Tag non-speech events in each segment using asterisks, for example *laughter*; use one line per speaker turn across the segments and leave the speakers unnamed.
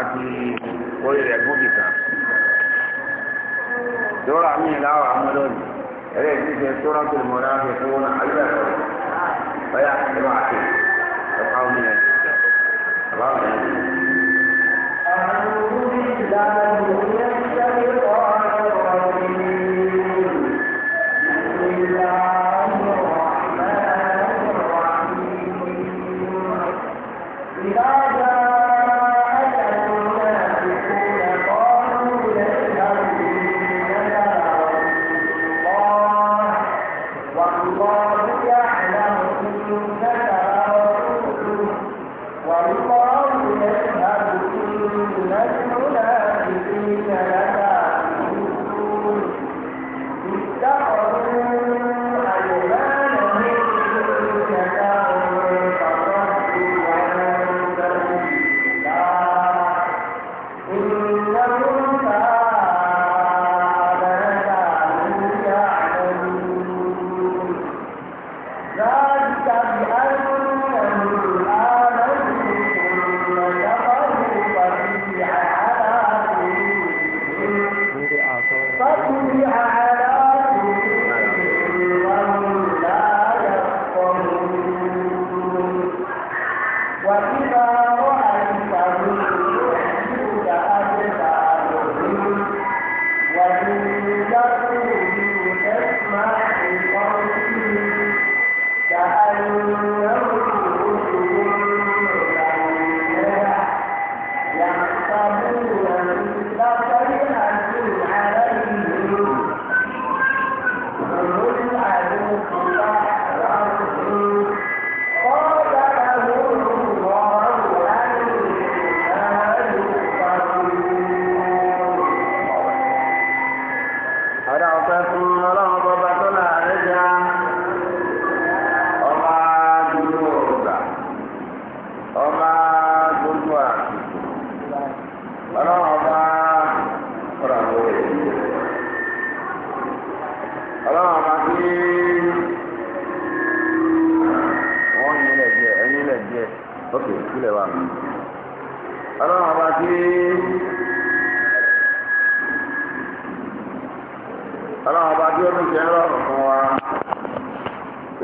àti orí rẹ̀ gúnbì kan dọ́rọ̀ àmì ìlàwọ̀ àmúlòdì ẹ̀rẹ́ ìdíje tọ́rọ̀ tó mọ̀ náà fi fún wọn àyíká ẹ̀kọ́ báyà ẹ̀rọ àti ẹ̀ka omi ẹ̀
àbáwọn ẹ̀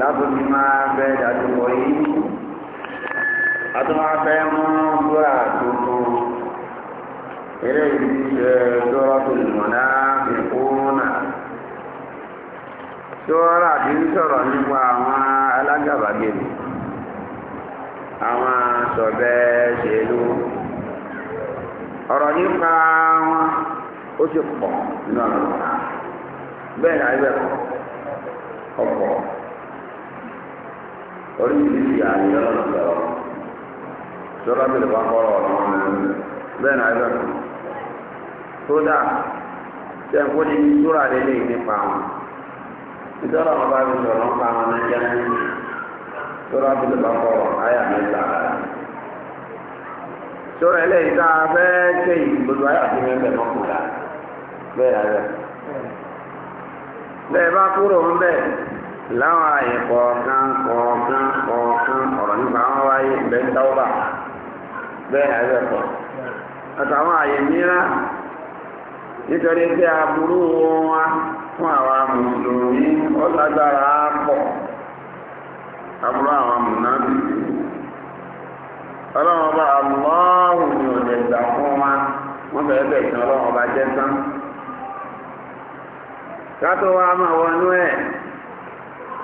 láti fi máa bẹ́ ìdájúkọ yìí a tún máa fẹ́ mú búra tuntun eré ìdí ṣe tọ́rọ tó lè mọ̀ láàbì kúrúnà tọ́rọ àti sọ̀rọ̀ nípa àwọn alágàbàgebè àwọn sọ̀bẹ́ ṣèlú ọ̀rọ̀ nípa wọn ó ti pọ̀ nínú àwọn bẹ́ẹ̀ ni àyẹ̀wò ọ̀pọ̀ oríṣiríṣi àyè lọ́nà sọ̀rọ̀ sọ́dọ̀ tó lè wá kọ́ ọ̀rọ̀ wọn lẹ́nu bẹ́ẹ̀ náà lọ́nà kódà sẹ́ńkó ní ìṣúra lélẹ́yìn nípa wọn ìtọ́lá wọn bá fi sọ̀rọ̀ nípa wọn náà jẹ́ sọ́dọ̀ tó lè wá kọ́ ọ̀rọ̀ ayà mẹ́ta sọ́dọ̀ ẹlẹ́yìn tá a fẹ́ ṣe ìgbòdo ayà tó mẹ́fẹ́ mọ́kànlá bẹ́ẹ̀ náà lọ́nà bẹ́ẹ̀ bá kúrò ń bẹ́ẹ̀ láwọn àyè kọ̀ọ̀kan kọ̀ọ̀kan kọ̀ọ̀kan ọ̀rọ̀ nípa àwọn wáyé bẹ́ẹ̀ tọ́wọ́bà bẹ́ẹ̀ àbẹ̀kọ̀ àtàwọn àyè mìíràn nítorí pé aburú wọn fún àwa mùsùlùmí ó lágbára pọ̀ aburú àwọn mùnàbìbì ọlọ́run ọba àlọ́ọ̀hùn ni ò lè gbà fún wa wọ́n bẹ̀rẹ̀ bẹ̀rẹ̀ sí ọlọ́run ọba jẹ́ tán ká tó wá máa wọnú ẹ̀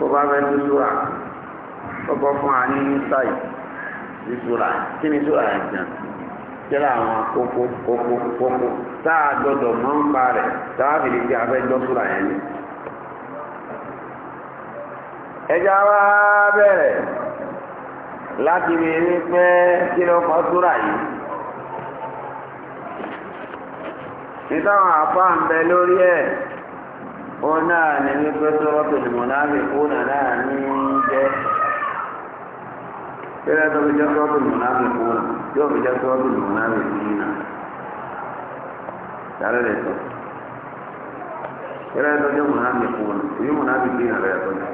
tó bá fẹ́ ní súra kọ́kọ́ fún wa ní sáì ní súra kí ni súra yẹn jẹun jẹ́ra àwọn kókó kókó kókó tá a gbọ́dọ̀ mọ́ ń pa rẹ̀ tá a fìdí pé a fẹ́ gbọ́ súra yẹn ni. ẹja wa bẹ̀rẹ̀ láti rí i pé kí ló kọ́ súra yìí. ìtàn àpá ń bẹ lórí ẹ̀ òun náà ní wípé sọ́wọ́tò lùmọ̀nàmì kúnà náà ní jẹ́ pẹ́lẹ́ tó fi jẹ́ sọ́wọ́tò lùmọ̀nàmì kúnà yóò fi jẹ́ sọ́wọ́tò lùmọ̀nàmì kúnà sáré lè sọ pẹ́lẹ́ tó jẹ́ lùmọ̀nàmì kúnà èyí lùmọ̀nàmì kúnà rẹ̀ tó jẹ́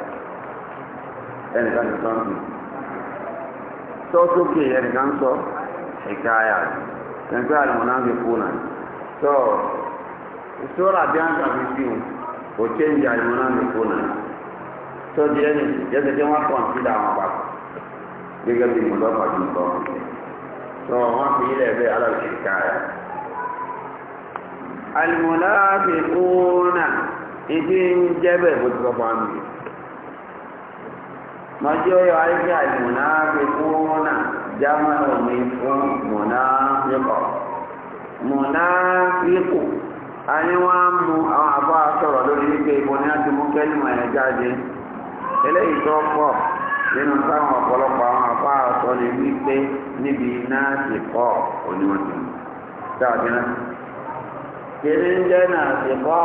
ẹnìkan ti sọ́n fi sọ́ sókè ẹnìkan sọ ẹ̀ka ayà ẹnìkan lùmọ̀nàmì kúnà sọ ìṣòro àti àǹkà fi fi hù kò change àìmọ́ náà nìkan náà tó di ẹni yẹtẹ tí wọ́n kàn sí àwọn àpapọ̀ gẹ́gẹ́ bí mọ̀lọ́ pàdé nǹkan tó wọ́n fi ilẹ̀ bẹ́ẹ̀ alábìsí káyà. àlùmọ̀lá fi kúnà ìdí ń jẹ́ bẹ́ẹ̀ bó ti sọ fún mi. mọ̀jọ́ yọ ayé àlùmọ̀lá fi kúnà jámọ́ ní fún mọ̀nà yọkọ̀ mọ̀nà yọkọ̀. anyị wá ń afọ àwọn àbá sọ̀rọ̀ lórí wípé ibo a ti mú kẹ́lìmọ̀ ẹ̀ jáde eléyìí tó nínú táwọn ọ̀pọ̀lọpọ̀ àwọn àbá sọ ni wípé níbi náà ti kọ́ oníwọ̀n ti mú dáadé náà jẹ́ náà ti kọ́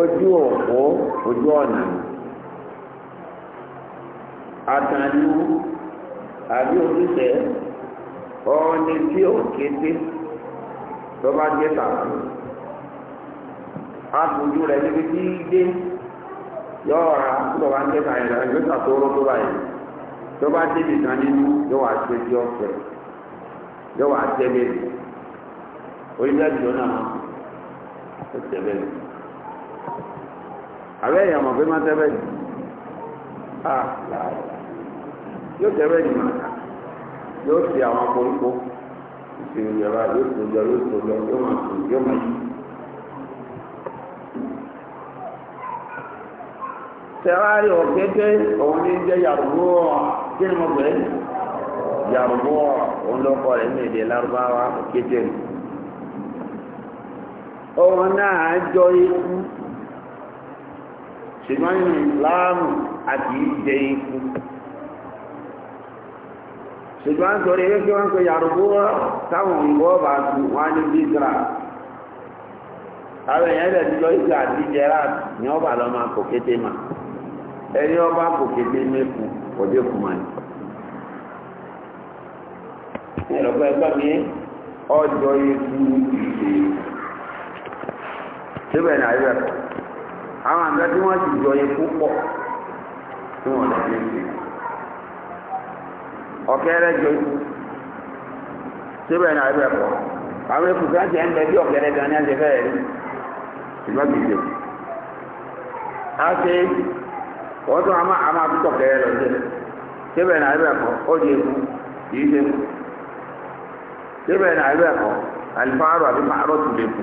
ojú òpó ojú ọ̀nà àtàlù àbí ojúṣe ọ̀ọ́ni tí ò kété tó bá jẹ́ tàbí àtúndú rẹ̀ níbi tí í dé yóò ra tó bá ń jẹ́ tàbí rẹ̀ yóò ṣàtòrò tó báyìí tó bá débi kan nínú yóò wá ṣe di ọ̀fẹ́ yóò wá tẹ́lẹ̀ orílẹ̀-èdè náà ó tẹ́lẹ̀ àbẹ́ èèyàn mọ̀ pé má tẹ́bẹ̀ jù yóò tẹ́bẹ̀ jù mà yóò fi àwọn koríko ìṣèlú ìjọba yóò tó jọ yóò tó jọ yóò máa tó yóò máa yí. tẹ̀wárí ọ̀kẹ́kẹ́ òun ní jẹ́ yàrùbọ́ kí ni mo pè é yàrùbọ́ òun lọ́kọ̀ rẹ̀ ní èdè lárúbáwá ọ̀kẹ́kẹ́ òun náà jọ ikú. ṣùgbọ́n nínú ìsìláàmù àti ìjẹ ikú ṣùgbọ́n nítorí wípé wọ́n pe yàrùbó táwọn òyìnbó bá tu wọ́n ní bísírà àwọn èèyàn ilẹ̀ ti ni ọba ọba mi ọjọ́ ikú ìṣe síbẹ̀ ní àwọn àgbà tí wọ́n ti jọ yẹn púpọ̀ tí wọ́n lè fi ṣe ọ̀kẹ́rẹ́ jọ ikú síbẹ̀ náà ibẹ̀ pọ̀ àwọn ikú tí wọ́n ti ń bẹ bí ọ̀kẹ́rẹ́ gan ní ẹsẹ̀ fẹ́rẹ̀ rí ṣùgbọ́n kì í ṣe wọ́n tún àmà àmà àtúntọ̀ kẹ́rẹ́ lọ sí síbẹ̀ náà ibẹ̀ pọ̀ ó di ikú kì ṣe kú síbẹ̀ náà pọ̀ àlùfáàrọ̀ tún lè kú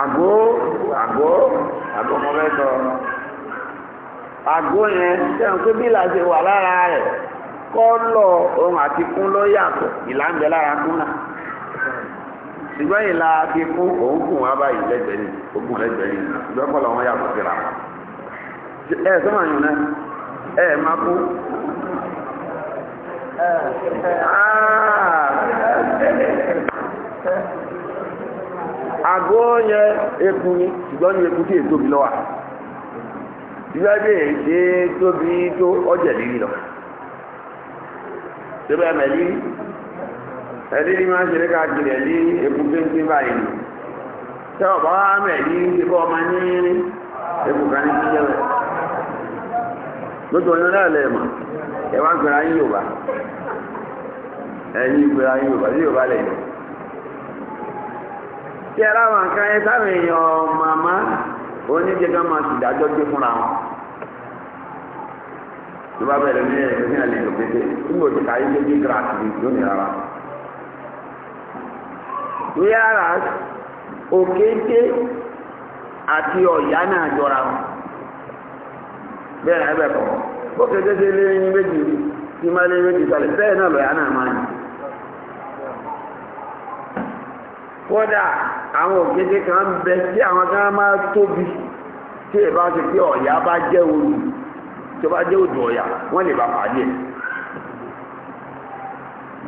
àgó àgó àgó mo fẹ́ sọ àgó yẹn sẹ́wọ̀n pé bí làá ṣe wà lára rẹ̀ kọ́lọ̀ ohun àti kún ló yàtọ̀ ìlà ń bẹ lára kún náà ṣùgbọ́n ìlà àti kún òun kùn wá báyìí lẹ́gbẹ̀ẹ́ ni ogun lẹ́gbẹ̀ẹ́ ni ṣùgbọ́n kọ́lọ̀ wọn yàtọ̀ síra wọn. ẹ sọ́mọ yìí náà ẹ máa kú. Ah! àgọ́ yẹn eku ni ṣùgbọ́n ní eku tí èyí tóbi lọ́wọ́ ìgbàgbé ṣe tóbi tó ọjà líli lọ ṣébà mẹ́lí ẹ̀lírí máa ń ṣeré káàkiri ẹ̀lí eku péńpé báyìí ni ṣe bọ́ ọmọ ní eku kan ní ṣíṣẹ́ Yorùbá Yorùbá Yorùbá lẹ́yìn. tí ẹ̀rọ àwọn nǹkan ẹ táwọn èèyàn màmá oníjẹgá máa sì dájọ́ gbé fúnra wọn tó bá bẹ̀rẹ̀ ní ẹ̀rọ ní àlejò pété nígbà tí káyé lé ní gíráàsì ní ìjọ nìyà rárá. wíyára òkété àti ọ̀yá náà jọra wọn bẹ́ẹ̀ náà ẹ bẹ̀ kọ́ ó kété sí ilé yín méjì tí má lé méjì sálẹ̀ bẹ́ẹ̀ náà lọ́yà náà máa yìí. kódà àwọn òkété kan bẹ tí àwọn kan máa tóbi tí bá ṣe pé ọ̀yà bá jẹ́ olù bá jẹ́ odò ọ̀yà wọ́n lè bá pàdé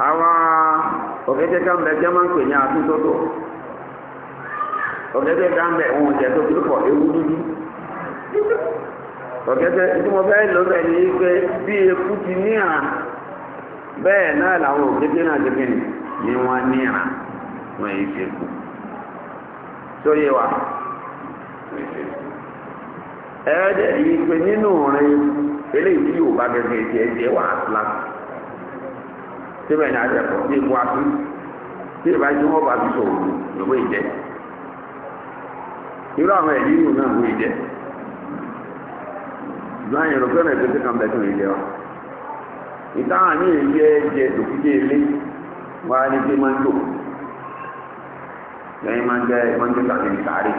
àwọn òkété kan bẹ jẹ́ máa ń pè ní àtúntótó òkété kan bẹ òun jẹ́ tó fi pọ̀ ewu dúdú òkété tí mo fẹ́ ní pé bí ti wọn yìí ṣe kù tó wa ẹ̀ẹ́dẹ̀ yìí pé nínú rẹ̀ eléyìí tí yóò bá gẹ́gẹ́ ti ẹ̀jẹ̀ wà á síbẹ̀ ní àjẹpọ̀ ní ìbú àti tí ìbá tí wọ́n bá fi sọ̀rọ̀ lówó ìjẹ́ irú àwọn ẹ̀yí yìí náà lówó ìjẹ́ ìgbà yẹn lọ fẹ́ràn ìgbésẹ̀ kan bẹ̀ tó lè jẹ wa ìtàn àmì ìjẹ́ ẹ̀jẹ̀ tòkìjẹ́ ilé wa ni pé máa ń lò lẹ́yìn máa ń jẹ́ máa ń jẹ́ kàmí sáré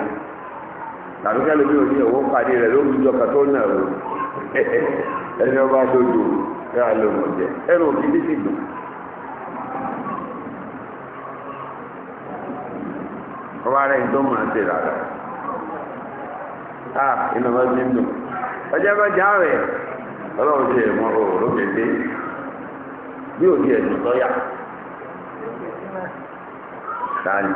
tàbí kẹ́ lómi òní òwò pàdé rẹ̀ lórí ìjọ kan tó nà ó *laughs* ẹni ọba dodo ẹ àlọ́ mọ̀ jẹ ẹnu òbí ní sì dùn. ọba rẹ̀ ń tó mọ̀ ọ́n ti rà rẹ̀ a iná bá ti ń dùn ọjọ́ bá já rẹ̀ ọlọ́run ti mọ òòrùn kéde bí òbí ẹ̀ dùn lọ́yà. Thank you.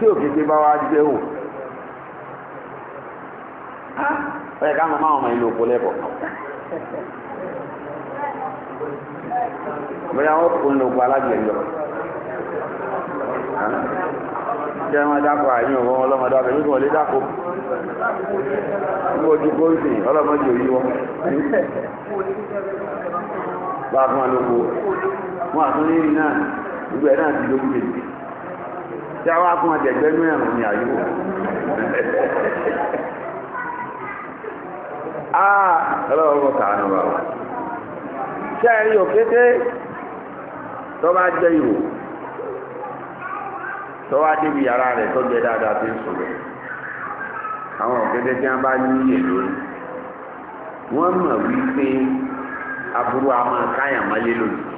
tí òkété bá wá jẹ́ wò ọ̀yẹ̀ ká máa ọmọ ìlú òkú lẹ́kọ̀ọ́ bóyá wọ́n kò ní òkú alájẹ̀ lọ jẹ́ wọn dákọ̀ àyín òwò ọlọ́mọdé ọ̀fẹ́ nígbà wọlé dákọ̀
nígbà ojú kóòsì ọlọ́mọdé òyí wọn bá fún wọn lóko wọn àtúnyẹ́rì náà
gbogbo ẹ̀ náà ti lókùn kejì tí a wá kún àtẹ̀gbẹ́nú ẹ̀rùn ni àyíwò àà *laughs* ah, ọlọ́wọ́ kàánù wà wà ṣe ẹ̀rí òkété tó bá jẹ́ ìwò tó wá débi yàrá rẹ̀ tó jẹ́ dáadáa tó ń sọ̀rọ̀ àwọn òkété tí wọ́n bá ní ìyè wọ́n mọ̀ wípé aburú a máa lónìí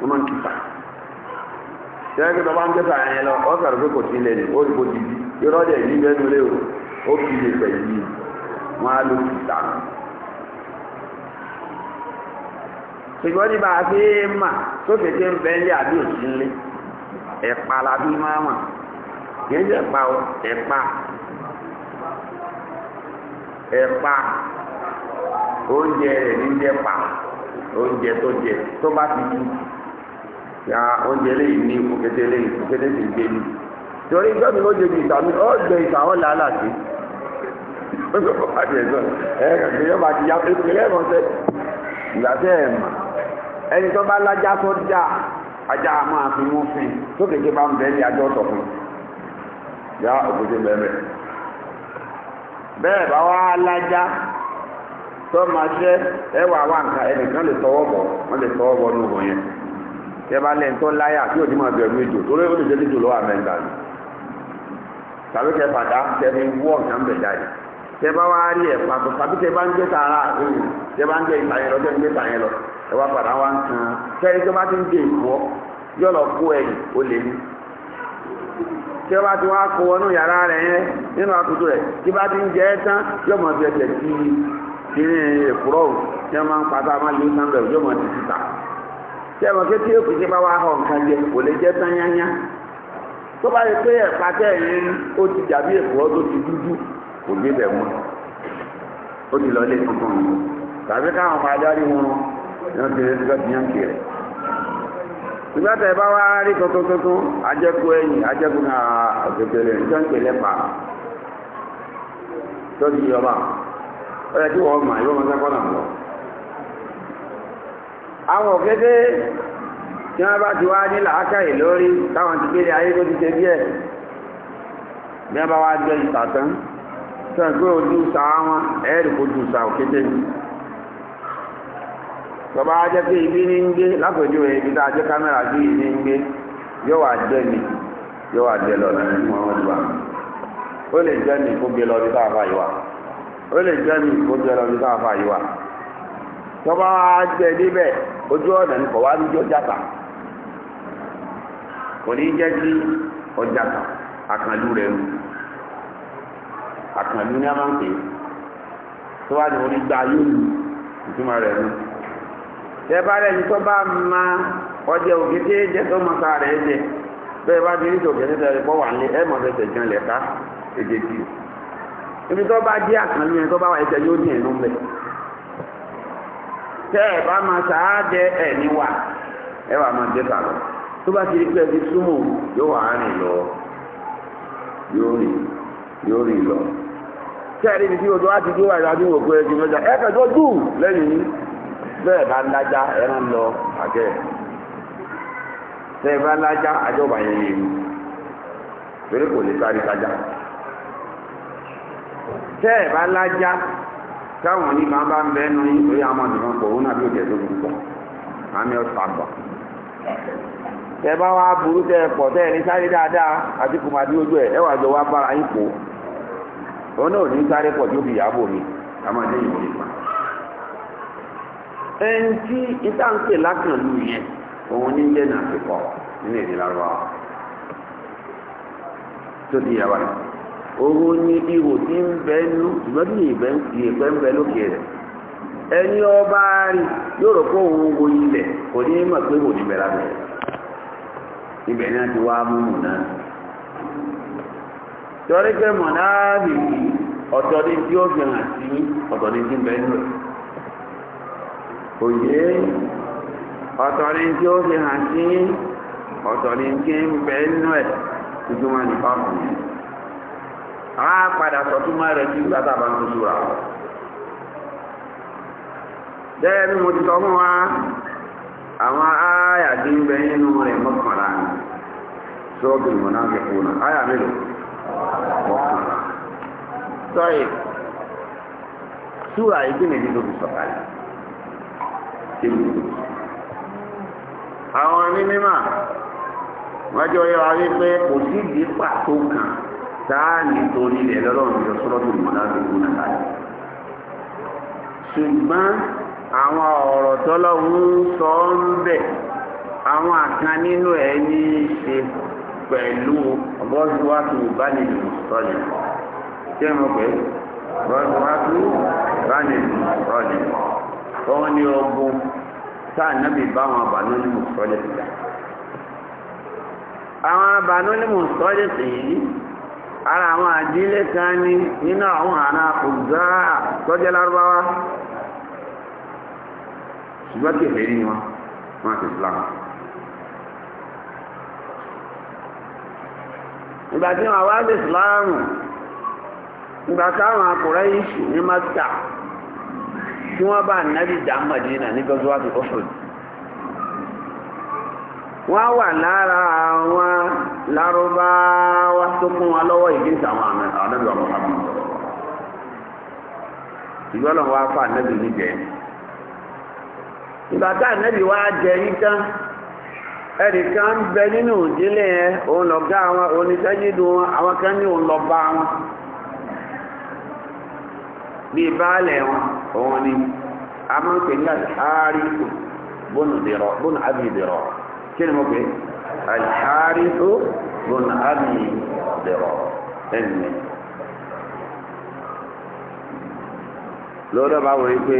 wọ́n máa ń tó ọ pé kò sí ilẹ̀ ó irọ́ o ó fi lè fẹ̀ wọn á lò sí ìdáná. ṣùgbọ́n ní a fi mà sókè tí ń bẹ́ ń àbí òsì ẹ̀pà la fi máa mà kì í ṣe ẹ̀pà o ẹ̀pà ẹ̀pà oúnjẹ rẹ̀ ní jẹ́ ya oúnjẹ eléyìí ní òkété eléyìí òkété sì gbé ní torí gbọ́dọ̀ ló jẹ́ bí ìsàmì ó jẹ ìsàwọ́ làálà sí ẹni tó bá lájá tó dá ajá máa fi mú fi tó bá ń ní ajọ́ tọ̀kùn òkúté bẹ́ẹ̀ bá wá lájá tó máa ẹwà wà nǹkan ẹnìkan lè tọwọ́ bọ̀ wọ́n lè tọwọ́ bọ̀ tẹ́bá lẹ́ńtọ́ láyà tí ò ní máa bẹ̀rù ejò tó lóyún tó jẹ́lẹ́jò lọ́wọ́ àmẹ́ńdà ni tàbí kẹ fàdá tẹ́bí wọ́ nǹkan bẹ̀ jáde tẹ́bá wá rí ẹ̀ pàtó tàbí tẹ́bá ń gbé tààrà àbẹ̀wò tẹ́bá ń gbé ìtàyẹn lọ tẹ́bí ń gbé tààyẹn lọ ẹ̀wá padà wá ń kan kẹ́rin tó bá ti ń gbé ìkọ́ yọ̀lọ̀ kó ẹ̀yìn ó lè ní tí wọ́n bá ti wá kó wọnú yàrá rẹ̀ sẹ́wọ̀n pé tí òkú ṣe bá wá họ nǹkan jẹ kò lè jẹ́ tányányá tó bá yẹ pé ẹ̀pá tẹ̀yìn ó ti dàbí èkó tó ti dúdú kò gbé bẹ̀ mọ́ ó ti lọ ilé tuntun yìí tàbí káwọn ọmọ adarí wọn yóò ti lè sọ́ọ́ tiyan kiri ìgbà tẹ̀ bá wá rí tuntun tuntun ajẹ́kù ẹ̀yìn ajẹ́kù náà òkèkèrè níjọ́ ń tó ti yọba ó yẹ kí wọ́n mọ̀ àwọn òkété tí wọ́n bá ti wá ní lórí táwọn ti gbére ayé tó ti ṣe bí ẹ̀ bí wọ́n bá wá ìtàtán tó ojú sa wọn ẹ̀rù kó sa òkété tọba ibi ní ń ibi tá a jẹ́ kámẹ́rà ibi ń gbé yóò wá jẹ́ mi yóò jẹ́ lọ tọba níbẹ̀ ojú ọ̀nà ní kọ̀wá ní ọjà tà kò ní jẹ́ kí ọjà tà àkànlú rẹ̀ rú àkànlú ní àmàǹkè tó wá ní orí gba yóò lù ìtumọ̀ rẹ̀ rú tẹ bá rẹ̀ ní tó bá ma ọjà òkè tí jẹ́ tó mọ ká rẹ̀ jẹ bẹ́ẹ̀ bá ti rí tòkè tẹ́tẹ́ rẹ̀ bọ́ wà ní ẹ̀ mọ̀ tẹ́tẹ́ jẹun lẹ̀ ká èdè tì ibi tó bá jẹ́ àkànlú yẹn tó bá wà ẹ̀jẹ̀ yóò ẹ̀ tẹ́ ẹ̀ bá máa ṣáájẹ ẹ̀ níwà ẹ wà máa dẹ́ta lọ tó bá ti rí pé ẹbí súnmù yóò wà á rìn lọ yóò rìn yóò rìn lọ tẹ́ ẹ̀ níbi tí o tó wá ti dúró wà láti wò pé ẹbí mẹ́ta ẹ kẹjọ dù lẹ́yìn bẹ́ẹ̀ bá ń dájá ẹ máa ń lọ àjẹ́ tẹ́ ẹ bá ń dájá àjọba yẹn yẹn torí kò lè kárí kájá tẹ́ ẹ bá ń dájá. táwọn oníkan bá ń bẹ nu orí àwọn ọ̀dùnmọ́ pọ̀ òun náà bí òjò tó burú àmì ọ̀sán tẹ bá wá burú tẹ pọ̀ tẹ ní sáré dáadáa àti kùmàdí ojú ẹ̀ ẹ wà jọ wá bára yín pò òun náà ní sáré pọ̀ tó fi mi àmọ́ pa. tí owó ní ihò tí ń bẹ nú keere, ìbẹ́ ń bẹ lókè rẹ̀ ẹni ọba rí yóò rò òun wo ilẹ̀ kò ní mọ̀ pé ní bẹ̀rẹ̀ bẹ̀rẹ̀ ibẹ̀ ti wá mú mùnà torí pé mọ̀nà bìbí ọ̀tọ̀ ní tí ó fi sí á padà sọ̀túnmá rẹ̀ sí ìgbà tàbá ń tuntun rà bẹ́ẹ̀ ni mo ti sọ fún wa àwọn ááyà tí ń bẹ nínú rẹ̀ mọ́kànlá ni sọ́ọ̀bù ìmọ̀nà kẹfù náà ááyà mélòó mọ́kànlá sọ́ọ̀yì súra ìdí nìdí ló fi sọ̀kalẹ̀ àwọn onímọ̀ wájú ọyọ́ wa kò pàtó kan táà nítorí rẹ̀ lọ́lọ́run yọ sọ́lọ́tò mọ̀lábìkú náà láti ṣùgbọ́n àwọn ọ̀rọ̀ tọ́lọ́run sọ ń bẹ̀ àwọn àkan nínú ẹ̀ ní í ṣe pẹ̀lú ọgọ́síwájú ìbánilù sọ́lẹ̀ tí ẹmọ pé ọgọ́síwájú ìbánilù sọ́lẹ̀ wọ́n ní ogun táà nábì bá àwọn àbánúlìmù sọ́lẹ̀ sí àwọn àbánúlìmù sọ́lẹ̀ sí yìí ara àwọn àjílé kan ní nínú àwọn àna ọ̀gá tọ́jẹ́ lárúbáwá ṣùgbọ́n kèfè rí wọn wọn Islam ìgbà tí wọn wá sí Islam ìgbà táwọn akùnrẹ́ yìí ní Mẹ́kà tí wọ́n bá ti wọ́n wà lára àwọn lárúbáwá tó fún wa lọ́wọ́ ìgbésẹ̀ àwọn àmì ànábì ọmọ àmì ìgbọ́n lọ́wọ́ afọ ànábì ní jẹ ìgbà tá ànábì wá jẹ tán ń bẹ nínú ìdílé yẹn òun wọn àwọn kan ní òun lọ bá wọn bíi baálẹ̀ wọn òun a máa ń pè ní bónú àbí kí ni mo pè alḥarifu bùn àmì dẹ̀rọ̀ ẹ̀mí. lọ́dọ̀ bá wọ̀ yí pé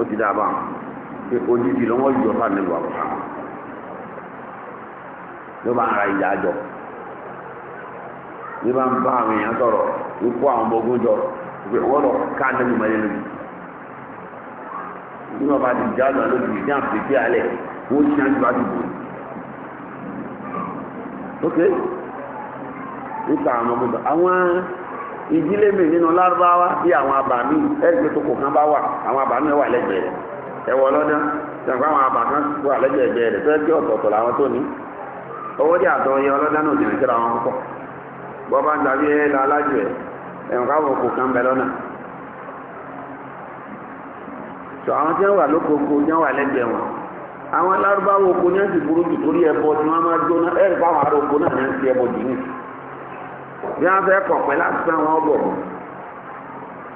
ó ti dà bá pé ojúbi ló wọ́n yọ fún àmì wàhùn ló máa ń ra ìyá jọ ní bá ń bá àwọn èèyàn sọ̀rọ̀ ń kó àwọn ọmọ ogun jọ pé wọ́n lọ ká nínú ìmọ̀lẹ́ lóbi bí wọ́n bá ti já lọ lóbi ní àpèké alẹ̀ wọ́n ti ṣáájú wájú bòlù. ok nípa àwọn ọmọdé àwọn ìdílé mi nínú lárúbáwá bí àwọn abàmì ẹgbẹ́ tó kò kan bá wà àwọn abàmì wà lẹ́gbẹ̀ẹ́ rẹ̀ ẹwọ lọ́dún sọ̀rọ̀ àwọn abà kan wà lẹ́gbẹ̀ẹ́ rẹ̀ tó làwọn tó ní owó dí yẹ náà síra wọn ń dàbí ẹ lọ alájù ẹ káwọn sọ àwọn tí wà tí wà àwọn alárúbáwò oko ní ẹ̀sìn burú jù torí ẹbọ tí wọ́n máa jóná ẹ̀rì fáwọn ará oko náà ní ẹ̀sì ẹbọ jù ní bí wọ́n fẹ́ kọ̀ pẹ́ láti sá wọn bọ̀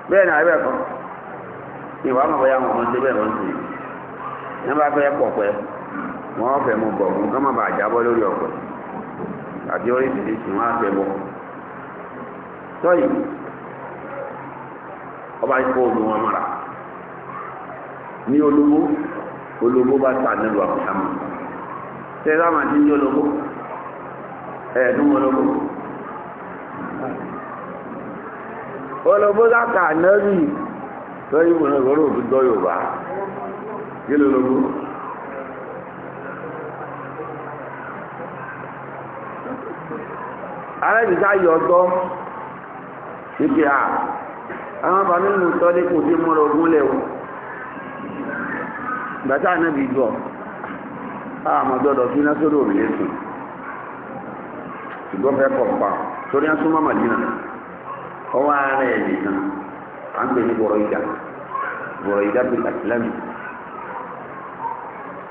ni ìwà wọn ṣe ṣe ní mú fún lórí àti oríṣiríṣi wọn ọba olówó olóbó bá tà nílùú àkùsàmù ṣe bá máa ti ń jẹ́ olóbó ẹ̀ẹ́dún olóbó olóbó láta ànẹ́rì lọ́yìn ìwòrán ìwòrán òfin gbọ́ Yorùbá kí ló lóbó aláìsíká yọ ọtọ́ ìpè à àwọn bàmí ń mú tọ́ ní kò sí mọ́ra ogún lẹ́wọ̀n gbàtà ànábì gbọ́ àmọ́gbọ́dọ̀ fi iná sórí òrùlé sùn ṣùgbọ́n fẹ́ kọ̀ pa torí a súnmọ́ màdínà ọwọ́ ara ẹ̀ nìkan à ń pè ní bọ̀rọ̀ ìdá bọ̀rọ̀ ìdá bí àtìlẹ́mì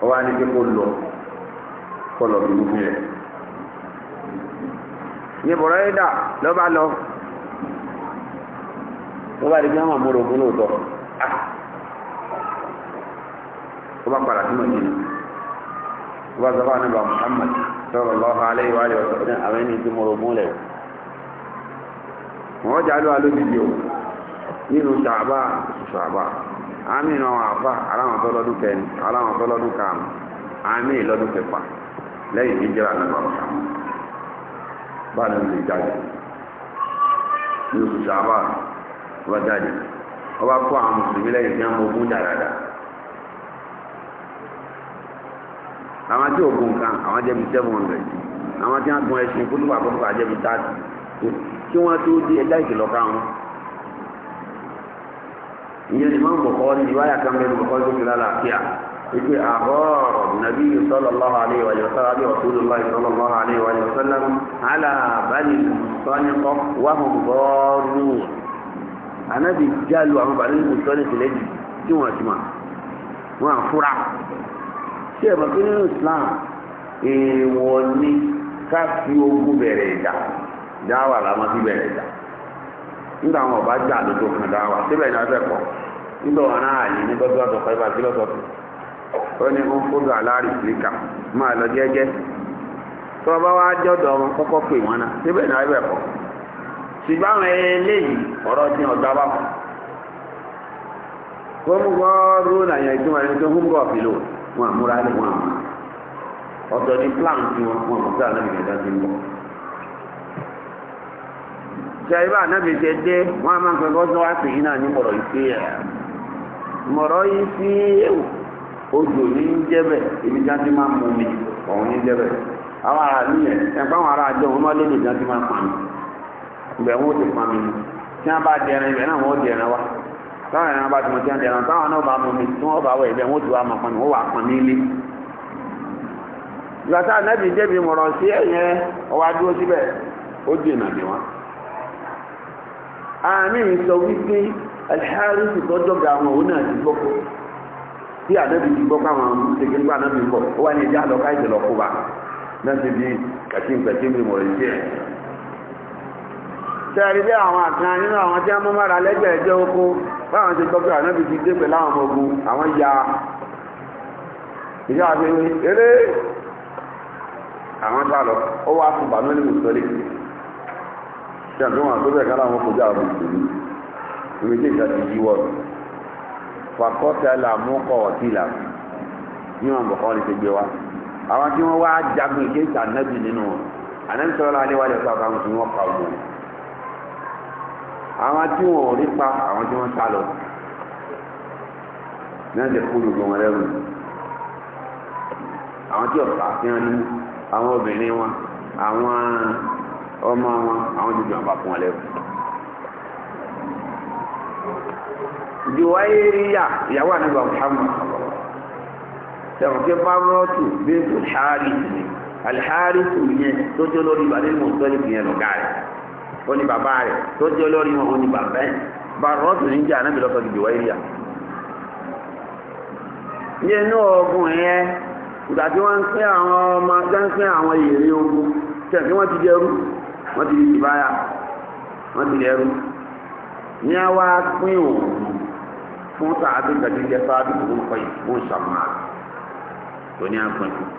ọwọ́ ara ní kó lọ kó lọ bí wúfú rẹ̀ ní bọ̀rọ̀ ìdá lọ́ba lọ lọ́ba àdìgbà máa mú rògbòn lóòótọ́ ah! tó bá padà sí mọ̀jìnà tó bá sọ́fà nígbà Muhammad sallallahu alaihi wa alihi wasallam àwọn ẹni tí mo rò múlẹ̀ wọ́n jà ló alóbìbí o nínú ṣàbá ṣàbá àmì ìran àfà aláwọn tó lọ́dún kẹni aláwọn tó lọ́dún kàmù àmì ìlọ́dún kẹfà lẹ́yìn ìjìrà nígbà Muhammad bá ní ìlú ìjáde nínú ṣàbá wọ́n jáde wọ́n bá kó àwọn mùsùlùmí lẹ́yìn tí wọ́n mú ogún dáradára àwọn tí ògùn kan àwọn jẹbi seven hundred àwọn tí wọn gun ẹṣin kúlùkù àkókò àjẹbi thirty kí wọn tó di ẹjá ìkìlọ̀ káwọn. ìyẹn ni máa ń bọ̀kọ́ ní ìwáyà kan bẹ́ẹ̀ ní bọ̀kọ́ tó fi lálàáfíà wípé àhọ́ọ̀rọ̀ nàbí sallallahu alaihi wa sallam bí Rasulullah sallallahu alaihi wa sallam alábàálì sọ́nìkọ́ wàhùn bọ́ọ̀rù ànábì jálù àwọn bàálù sọ́nìkì tí wọ́n ti mọ̀ wọ́n àfúrà tí ẹ̀mọ̀ pé nínú Islam èèwọ̀ ni ká fi ogun bẹ̀rẹ̀ ìjà dáwà lámọ́ sí bẹ̀rẹ̀ ìjà nígbà wọn ọba jà lójó kan dáwà síbẹ̀ ní afẹ́kọ̀ nígbà wọn náà yìí ní gbọ́dọ̀ ọ̀dọ̀ pẹ́ẹ́bà sí lọ́sọ̀tún ó ní ó lọ jẹ́jẹ́ tó jọ́dọ̀ wọn kọ́kọ́ pè wọn náà síbẹ̀ ní ṣùgbọ́n eléyìí ọ̀rọ̀ ti ìtumọ̀ wọn àmúra lé wọn àmú ọ̀tọ̀ ní plan tí wọn ti ń dé wọn máa ń náà ní ewu ní ń ibi tí wọ́n ti máa ń mú mi ọ̀hún ní jẹ́bẹ̀ àwọn ará mi yẹn ẹ̀fọ́ àwọn ará àjọ wọn máa máa pa mi wọn ò ti pa táwọn ẹran bá ti mọ̀ tí wọ́n ti ẹran táwọn náà bá mọ̀ mi tí wọ́n bá wọ ìbẹ̀ wọ́n ti wá mọ̀ wọ́n wà pọ̀ nílé. ìgbà tá ànábì débi mọ̀rọ̀ sí ẹ̀yẹ ọwọ́ adúró síbẹ̀ ga òun náà ti gbọ́ kó tí ti gbọ́ káwọn ó wà ní wa tẹ́rí bí àwọn àkàn nínú àwọn tí wọ́n mú mára lẹ́gbẹ̀ẹ́ jẹ́ oko báwọn ti gbọ́ pé ànábì ti dé pẹ̀lú àwọn ọmọ ogun àwọn ya ìyá àti ewé eré àwọn sá lọ ó wá fún bàmí ní mùsùlùmí tí àti wọn àtúbẹ̀ ká láwọn kọjá àwọn mùsùlùmí ìwé tí ìjà ti yíwọ́ fàkọ́tẹ́là mú kọ̀ ọ̀tí ìlà ní wọn bọ̀kọ́ ní ti gbé wa àwọn tí wọ́n wá jagun ìkéjà ànábì nínú wọn ànábì sọ̀rọ̀ láwọn ilé wájú ọ̀sán àwọn tí àwọn tí wọn ò rí pa àwọn tí wọn sá lọ náà jẹ kúrò gbọmọ lẹrù àwọn tí ọ̀pá fi hàn ní àwọn obìnrin wọn àwọn ọmọ wọn àwọn jùlọ àwọn bàbá wọn lẹrù. juwairiya ìyàwó àníbà muhammad sẹ́wọ̀n kí bá rọ́ọ̀tù bíi alhari alhari tù yẹn tó jẹ́ lórí ìbàdí mọ̀tọ́lì yẹn lọ́gàá rẹ̀ ó ní bàbá rẹ̀ tó jẹ́ olórí wọn ó ní bàbá ẹ̀ bàrọ́ọ̀tù ní jẹ́ ànábì lọ́sọ̀ gidi wáyé yà. ní inú ogun yẹn ìgbà tí wọ́n ń pín àwọn ọmọ jẹ́ ń pín àwọn èrè ogun tẹ̀ kí wọ́n ti jẹ́rú wọ́n ti di ìbáyà wọ́n ti lẹ́rú ní a wá pín òun fún sáà tó gbàdúgbẹ́ sáà tó gbogbo nǹkan yìí fún ìṣàmùlá tó ní àpẹẹrẹ.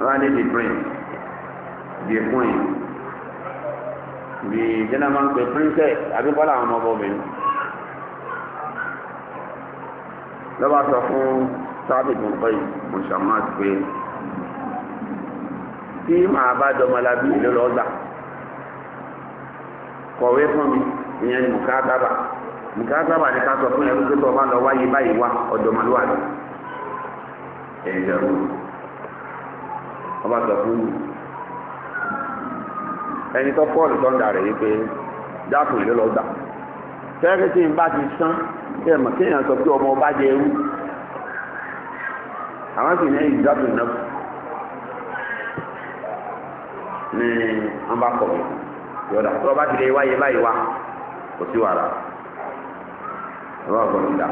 running the prince the queen the gentleman pe princess àbí kọ́lá àwọn ọmọbìnrin lọ́ba sọ fún sábì tó ń pẹ́ mùsàmáà pé tí màá bá dọmọlábí ìlú lọ́gbà kọ̀wé fún mi ìyẹn ni mùkátábà mùkátábà ni ká sọ fún ẹrú pé tó o bá lọ wáyé báyìí wá ọ̀dọ́mọlúwàbí ẹ̀ẹ́dẹ̀rún ọmọ sọ fún mi ẹni tó pọ́ọ̀lù tó ń dà rẹ̀ yìí pé dákùn ló lọ gbà tẹ́rẹ́ tí n bá ti sán kí ẹ̀mọ̀ kí èèyàn sọ pé ọmọ ọba jẹ ewu àwọn sì ní ìdákùn náà ní wọn bá kọ̀ mí yọ̀dà tó ọba ti lè wáyé báyìí wá kò sí wàrà ọba ọgbọ̀n dà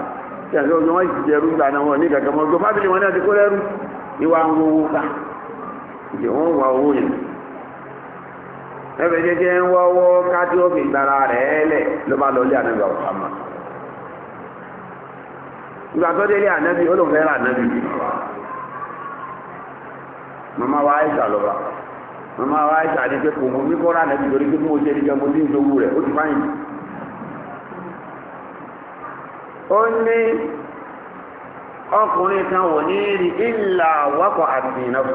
tí àti ọjọ́ wọn ti jẹ ẹrú gbà náà wọn ní kankan mọ́ gbọ́ fábìlì wọn náà ti kó lẹ́rú ìwà ń wo ká. ìdí wọn wà owó yẹn ẹbẹ jẹjẹ ń wọwọ kájí òfin gbara rẹ lẹ ló bá lọ lé ànábì Muhammad ìgbà tó délé ànábì olóńgbé rà ànábì wa àìsà lọ mama wa àìsà ní pé kò mú mi kọ́ra ànábì lórí pé mo ṣe nígbà mo ní rẹ ó ti fáyìn ó ní ọkùnrin kan wò ní rí ìlà àti ìnáwó.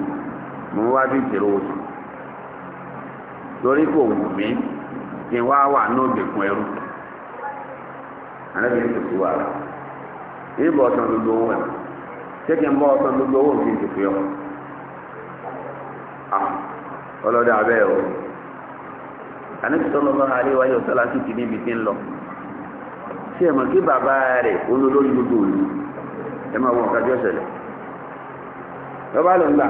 mo wá bí ìṣòro oṣù torí kò wù mí kí n wá wà ní ògbèkùn ẹrú àlẹ́ mi ti wà rà ìbò ọ̀sán gbogbo owó ẹ̀ ṣé kí n bọ́ ọ̀sán gbogbo owó mi ti fi ọ́ ọlọ́dẹ abẹ́ o àníbi bá alẹ́ wáyé ọ̀sọ́lá sì ti níbi tí ń lọ ṣé ẹ̀ mọ̀ kí bàbá rẹ̀ olólórí gbogbo òní ẹ̀ máa wọ ń gbà.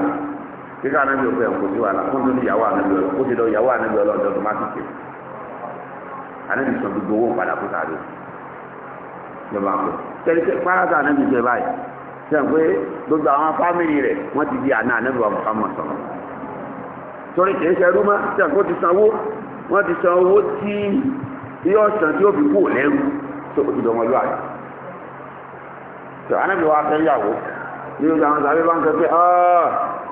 kíkà anábì òfin ẹ̀kọ́ sí wàhálà kó ń dún ìyàwó anábì ọlọ́ kó ti lọ ìyàwó anábì ọlọ́ ọjọ́ tòmátìkì anábì sọ gbogbo owó padà kó sáré ìjọba ń pè tẹ̀lifẹ̀ pàrọ̀tà anábì jẹ báyìí sẹ́n pé gbogbo àwọn fámìlì rẹ̀ wọ́n ti di àná anábì wa Muhammad sọ̀rọ̀ torí kìí ṣe rúmọ́ sẹ́n kó ti sanwó wọ́n ti san owó tí yóò san tí ó fi kú lẹ́rú tó o ti lọ́wọ́ àyè tó anábì wa fẹ́ yàwó ní gbogbo àwọn sọ ah,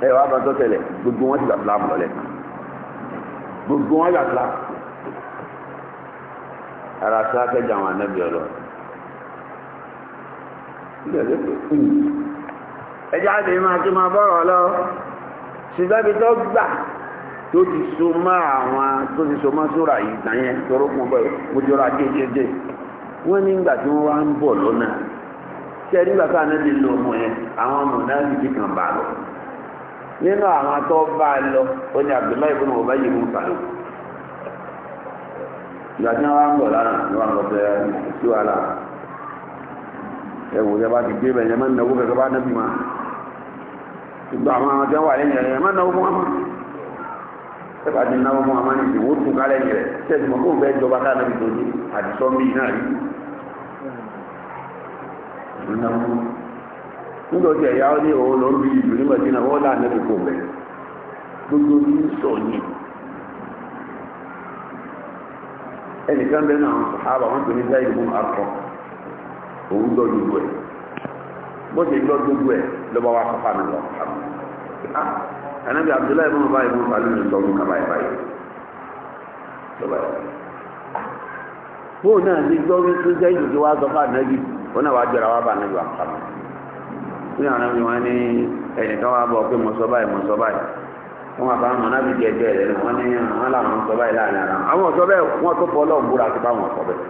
ẹ wàá bá tó tẹ̀lẹ̀ gbogbo wọn ti gbà fúlàmù lọ́lẹ̀ gbogbo wọn gbà fúlàmù ara sá kẹjọ àwọn anábì ọlọ ẹjọ́ àti máa tún máa bọ́rọ̀ lọ ṣùgbọ́n tó gbà tó ti so mọ́ àwọn tó ti so mọ́ sóra yìí tàyẹn tọrọ kún bọ́ ojúra jẹjẹjẹ wọ́n nígbà tí wọ́n wá ń bọ̀ lọ́nà ṣe nígbà tí anábì yẹn àwọn ọmọ náà ti kàn bá lọ nínú àwọn tó bá a lọ ó ní Abdullahi ibùdó wọ́n bá yìí mú sàlù ìgbà tí wọ́n ń bọ̀ lára ni wọ́n lọ bẹ sí wa lára ẹ wò lẹ́ bá ti gbé bẹ̀rẹ̀ mọ́ ìnáwó kẹ́kẹ́ bá nábì máa gbogbo àwọn àwọn tó wà lẹ́yìn ẹ̀yẹ mọ́ ìnáwó fún wa máa ẹ bá ti náwó fún wa máa ní ìdìbò tún kálẹ̀ yẹn rẹ̀ tẹ̀sí mọ́ fún bẹ́ẹ̀ jọba ká nábì tó ní àdìsọ́ mí náà rí ìnáwó nígbà tí ẹ̀yà ó ní òun lọ bí ìlú ní mẹ́tínà wọ́n dà nẹ́bí kò mẹ́ gbogbo ní sọ yìí ẹnìkan bẹ́ẹ̀ náà sàhábà wọ́n pè ní sáyé fún akọ òun gbọ́ gbogbo ẹ̀ bó ṣe gbọ́ gbogbo ẹ̀ lọ́ba wa sọ́fà mi lọ. ànábì Abdullahi mọ̀ báyìí mọ̀ báyìí mọ̀ sọ́dún kaba ẹ̀ báyìí lọ́ba ẹ̀ fóònù náà ti gbọ́ wípé sẹ́yìn tó wá sọ wá bá ní àwọn ọmọ wọn ní ẹnìkan wá bọ̀ pé mọ̀sọ́ báyìí mọ̀sọ́ báyìí wọn àbá wọn náà fi jẹ ẹjọ́ ẹ̀rẹ́ wọn ní wọn làwọn sọ báyìí láàrin ara àwọn ọ̀sọ́ bẹ́ẹ̀ wọn tó fọ́ ọlọ́run búra sí báwọn ọ̀sọ́ bẹ́ẹ̀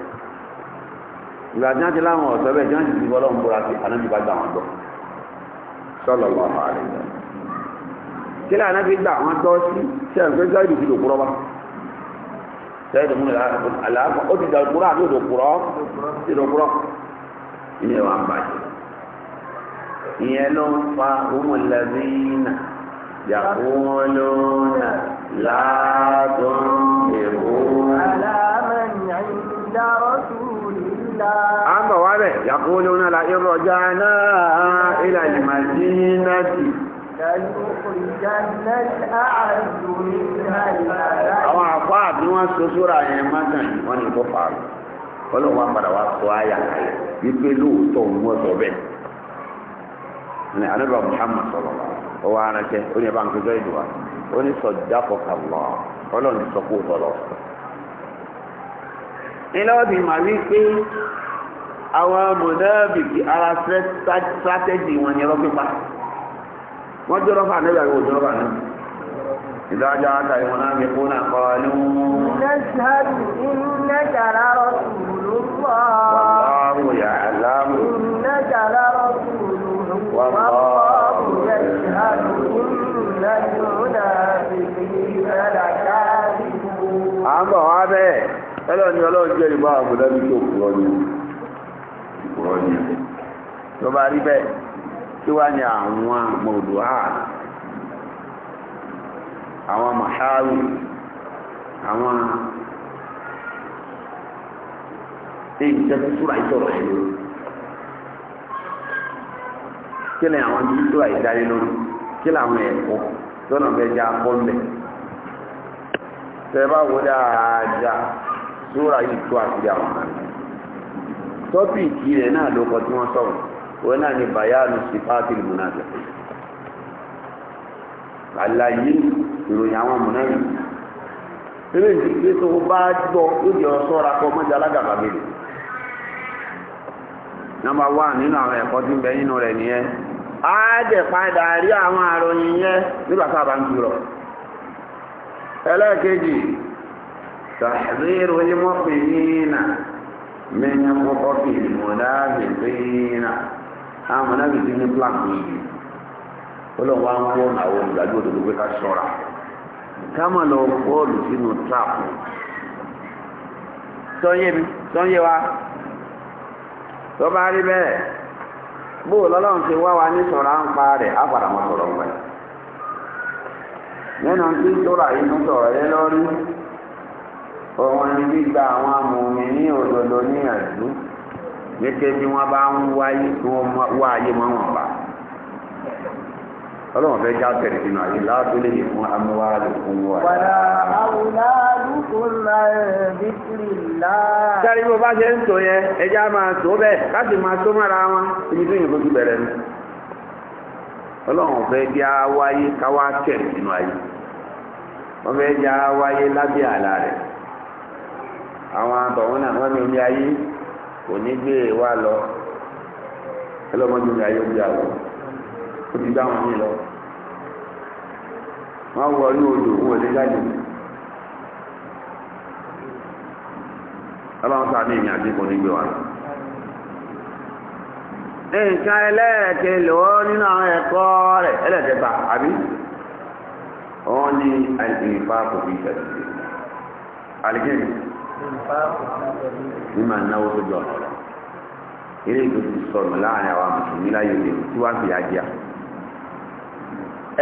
ìgbà tí wọn ti láwọn ọ̀sọ́ bẹ́ẹ̀ tí wọn sì ti fọ́ ọlọ́run búra sí ànábì bá gbà wọn gbọ́ sọlọ lọ àwọn kí láàrin fi gbà wọn tọ́ sí ṣe ẹ̀fẹ́ sáyidù fi ìyẹn ló ń fa ọmọlẹ́bíínà yàkúnlónà látún èrò. a ń bọ̀ wá bẹ̀ yàkúnlónà la ìrọ̀jà náà ilà ìmàdínàtì.
àwọn àpá àbí wọn sosúra yẹn má
kàn yìí wọn ni kó parí ọlọ́wọ́ padà wá sọ àyà kalẹ̀ wípé lóòótọ́ òun wọ́n sọ bẹ́ẹ̀ ní anábà muhammad sallallahu ó wá aránṣẹ́ ó ní ẹ̀bá ń pẹ́jọ́ ìdùwà ó ní sadaqaka Allah ọlọ́run ti sọ kó bọ̀lọ̀ ní lọ́wọ́ ti mà wí pé àwọn mọ̀dẹ́bìkì ara strategy wọn ni ẹ̀rọ pípa wọ́n jọ́rọ́ fún anábà yóò jọ́rọ́ fún anábà إذا جاءك المنافقون قالوا
نشهد إنك لرسول الله
والله يعلم
إنك لرسول والله يشهد إن المنافقين لكاذبون
àbọ̀ wá bẹ́ẹ̀ ẹlọ́ ni ọlọ́run jẹ́ ìbá àbúdábí tó kúrọ́ ni kúrọ́ ni tó bá rí bẹ́ẹ̀ tí wá ní àwọn mọ̀lúwà àwọn màṣáàrù àwọn èyí tẹ́tí súra ìtọ̀rọ̀ ẹ̀yọ́ kí ni àwọn ibi tó àìdáyé lórí kí làwọn ẹ̀kọ́ tọ́nà fẹ́ já kọ́lẹ̀ tẹ́bá wo dáadáa sóra yìí tó àti àwọn àmì tọ́pìkì rẹ̀ náà ló kọ tí wọ́n sọ̀rọ̀ òun náà ni bayanu sifati munafiki àlàyé ìròyìn àwọn munafiki eré ìdílé tó bá gbọ́ ó jẹ́ ọ̀ṣọ́ra kọ mọ́jà alágàbà bèrè nọ́mbà wán nínú àwọn ẹ̀kọ́ tí ń bẹ nínú rẹ̀ nìyẹn àádẹ̀ padà rí àwọn àròyìn yẹn nígbàtà bá ń jùrọ̀ ẹlẹ́ẹ̀kejì tàbíru limọ́pìnínà mẹ́yàn pọ́pọ́ kì í mọ̀dáàbìnínà àwọn ní plan yìí olóòwò àwọn ọmọ àwọn olùdájú òdòdó pé mi wa bẹ́ẹ̀ bó lọ́lọ́run nke wawa wa ní sọ̀rọ̀ à ń pa mgbe á padà mọ̀ sọ̀rọ̀ ńgbà yìí nínú tí ndị yìí ń sọ̀rọ̀ yẹn lórí òun ni gbígba àwọn amòmí ní òdodo nwa ẹ̀dú ọlọ́run fẹ́ já tẹ̀lé sínú àyè láàbílẹ̀ yìí fún amúwáàlù fún wa. wàlá
àwùládùkún náà bíkìrì láà. sáré bí mo bá ṣe ń tò yẹn ẹja
máa tó bẹ́ẹ̀ láti máa tó mára wọn ibi tó yìnbọn ti àwọn àtọ̀hún náà wọ́n ní omi ayé kò ní gbé e wá lọ ẹlọ́mọdé omi ayé ó gbé àlọ́ ó ti gbá wọn ní lọ wọn wọ inú odò wọn ò lè jáde ọlọ́run sáà ní ìyìn àti kò ní wa lọ. nǹkan ẹlẹ́ẹ̀kẹ́ lọ́wọ́ nínú àwọn ẹ̀kọ́ rẹ̀ ẹlẹ́ẹ̀kẹta àbí wọ́n ní àìsìnfà kò fi ṣẹ̀lẹ̀ sí àlìkẹ́yìn
ní màá náwó tó
jọ ọ̀nà rẹ̀ eré ìdòtí sọ̀rọ̀ láàrin àwọn mùsùlùmí láyé òde tí wàá fi ajá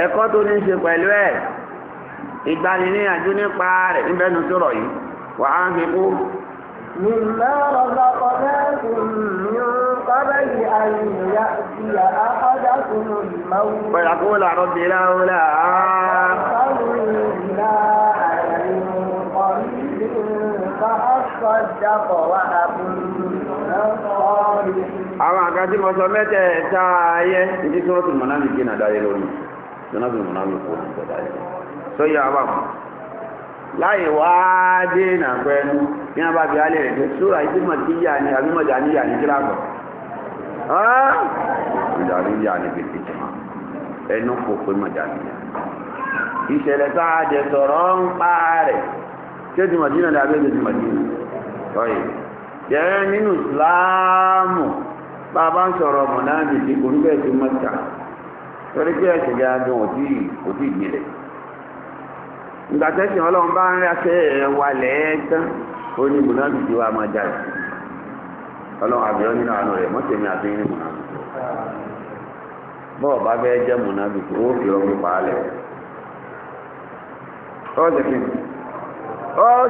ẹ̀kọ́ tó ní ṣe pẹ̀lú ẹ̀ ìgbaniníyànjú nípa rẹ̀ níbẹ̀nu sọ̀rọ̀ yìí wà á ń fi kú.
Mìlá ọ̀gá ọ̀gá ويقول رب لولا
àwọn àkàtí mọ̀sán mẹ́tẹ̀ẹ̀ta ayẹ́ ìdí sọ́rọ̀tún mọ̀ náà nìkí nà dáyé jọnàbí mọ̀nàmíkò ní ìjọba yìí tó yẹ àwọn àmọ́ láyé wá dé nàgbọ ẹnu ní wọn bá bí alẹ́ rẹ̀ pé sóra ìdí mọ̀tíyà ni àbí mọ̀jà níyà ní kíláàbọ̀ mọ̀jà níyà ní pèsè jọ̀mọ́ ẹnu kò pé mọ̀jà níyà ìṣẹ̀lẹ̀ tá a jẹ sọ̀rọ̀ ń pa rẹ̀ tí ó ti mọ̀dínà ní abẹ́gbẹ̀ ti mọ̀dínà ọ̀yẹ̀ jẹ́ nínú ìsìláàmù bá a bá ń sọ̀rọ̀ mọ̀nàmíkò níbẹ̀ tó mọ̀jà torí pé ẹ̀sìn ya ò tí ò tí ìgbìlẹ̀ ìgbà tẹ́sìn ọlọ́run bá ń rẹ́sẹ̀ wà lẹ́ẹ̀tán ó ní ìbùnà ti ti wá máa jà sí ọlọ́run àbíọ́ nínú àánú rẹ̀ mọ́tò mi àti nínú bọ́ọ̀ bá jẹ́ fi pa á lẹ̀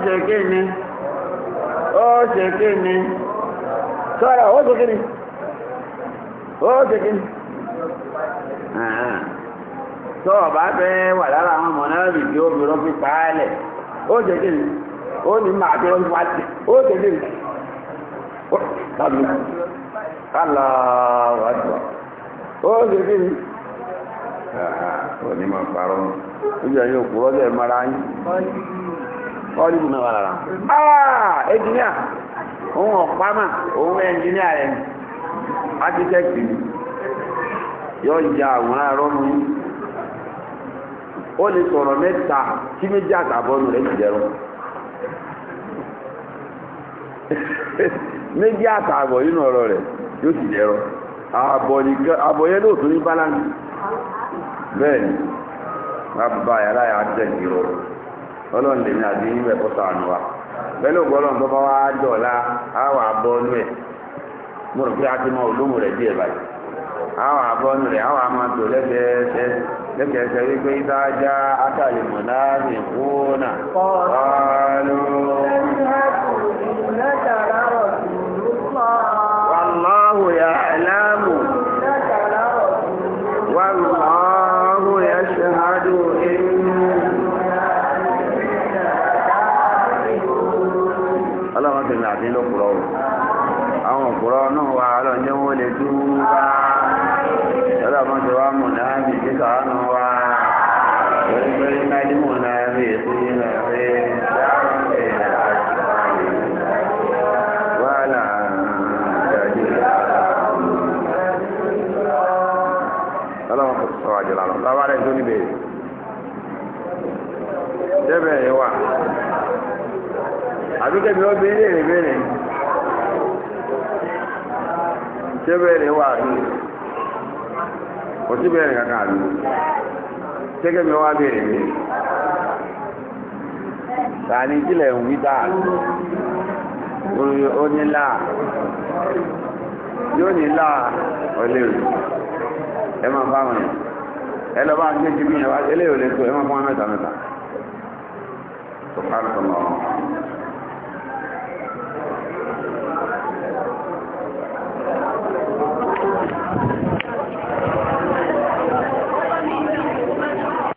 ṣe kí ni ni ṣe ni sọ́ra ó ṣe ni ó ṣe ni. tó ọba fẹ́ wà lára àwọn ọmọ náà rì tí ó fi rọ́pì ó jẹ́ kí ni ó ní máa tó rọ́pì paálẹ̀ ó jẹ́ kí ni kálá wàdùn ó jẹ́ kí ni ó ní máa parọ́ ó jẹ́ yóò kúrọ́ jẹ́ mara yín ọ́rí bùnà wà lára áà ah, ẹnjìníà òun ọ̀pá mà òun ẹnjìníà rẹ̀ architect ni. yọ ya àwòrán arọ́ mi ó lè sọ̀rọ̀ mẹ́ta tí méjì nù rẹ̀ ti dẹ̀rọ méjì àtàbọ̀ nínú ọ̀rọ̀ rẹ̀ yóò ti dẹ̀rọ àbọ̀ yẹn ní balance bẹ́ẹ̀ ni bàbá yàrá yà á tẹ̀ ọlọ́run yín bẹ̀ kọ́sà wa bẹ́ẹ̀ ọlọ́run tó bá wá á wà bọ́ ọ́nú ẹ̀ mo rò pé a ti mọ olóhùn rẹ̀ díẹ̀ àwọn àbọ̀nù rẹ̀ àwọn àmọ́tò lẹ́sẹẹsẹ lẹ́sẹẹsẹ wípé ìdájá akàlìmọ̀ láàrin kúrònà ọ̀ọ́lù
àwọn òpùrọ̀ náà
wà lọ́jọ́ wọ́n lè dúró bá ọlọ́mọdé wa mọ̀ náà bí kíkà ánú wa wọ́n gbé kájí mọ̀ náà bí ètò yìí náà pé dáhùn ẹ̀ wà láàájú ọlọ́mọdé sọ àjọlá lọ lọ́wọ́ rẹ̀ tó níbẹ̀ débẹ̀ yẹn wà àbíkẹ́ mi ó bí ní èrè bẹ́ẹ̀ ni débẹ̀ yẹn wà ní kò bẹ̀rẹ̀ kankan àlù gẹ́gẹ́ mi wá bẹ̀rẹ̀ mi tani jílẹ̀ ń wí dáa yóò ní ọ̀lẹ́ òní ẹ máa bá ń gbé bí ẹ wá ẹlẹ́yìn tó ẹ máa fún mẹ́ta mẹ́ta. سبحانك اللهم